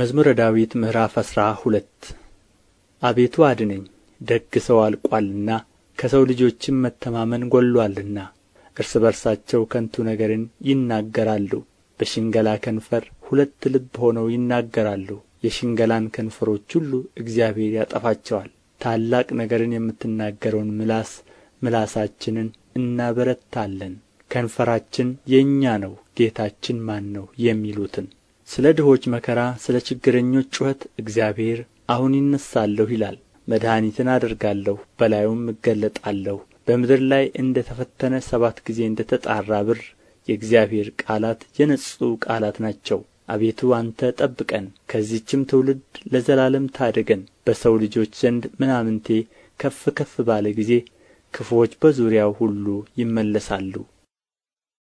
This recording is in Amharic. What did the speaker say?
መዝሙረ ዳዊት ምዕራፍ አስራ ሁለት አቤቱ አድነኝ፣ ደግ ሰው አልቋልና ከሰው ልጆችም መተማመን ጐድሎአልና። እርስ በርሳቸው ከንቱ ነገርን ይናገራሉ፣ በሽንገላ ከንፈር ሁለት ልብ ሆነው ይናገራሉ። የሽንገላን ከንፈሮች ሁሉ እግዚአብሔር ያጠፋቸዋል። ታላቅ ነገርን የምትናገረውን ምላስ ምላሳችንን እናበረታለን። ከንፈራችን የእኛ ነው፣ ጌታችን ማን ነው የሚሉትን ስለ ድሆች መከራ ስለ ችግረኞች ጩኸት እግዚአብሔር አሁን ይነሳለሁ ይላል መድኃኒትን አደርጋለሁ በላዩም እገለጣለሁ በምድር ላይ እንደ ተፈተነ ሰባት ጊዜ እንደ ተጣራ ብር የእግዚአብሔር ቃላት የነጹ ቃላት ናቸው አቤቱ አንተ ጠብቀን ከዚህችም ትውልድ ለዘላለም ታደገን በሰው ልጆች ዘንድ ምናምንቴ ከፍ ከፍ ባለ ጊዜ ክፉዎች በዙሪያው ሁሉ ይመለሳሉ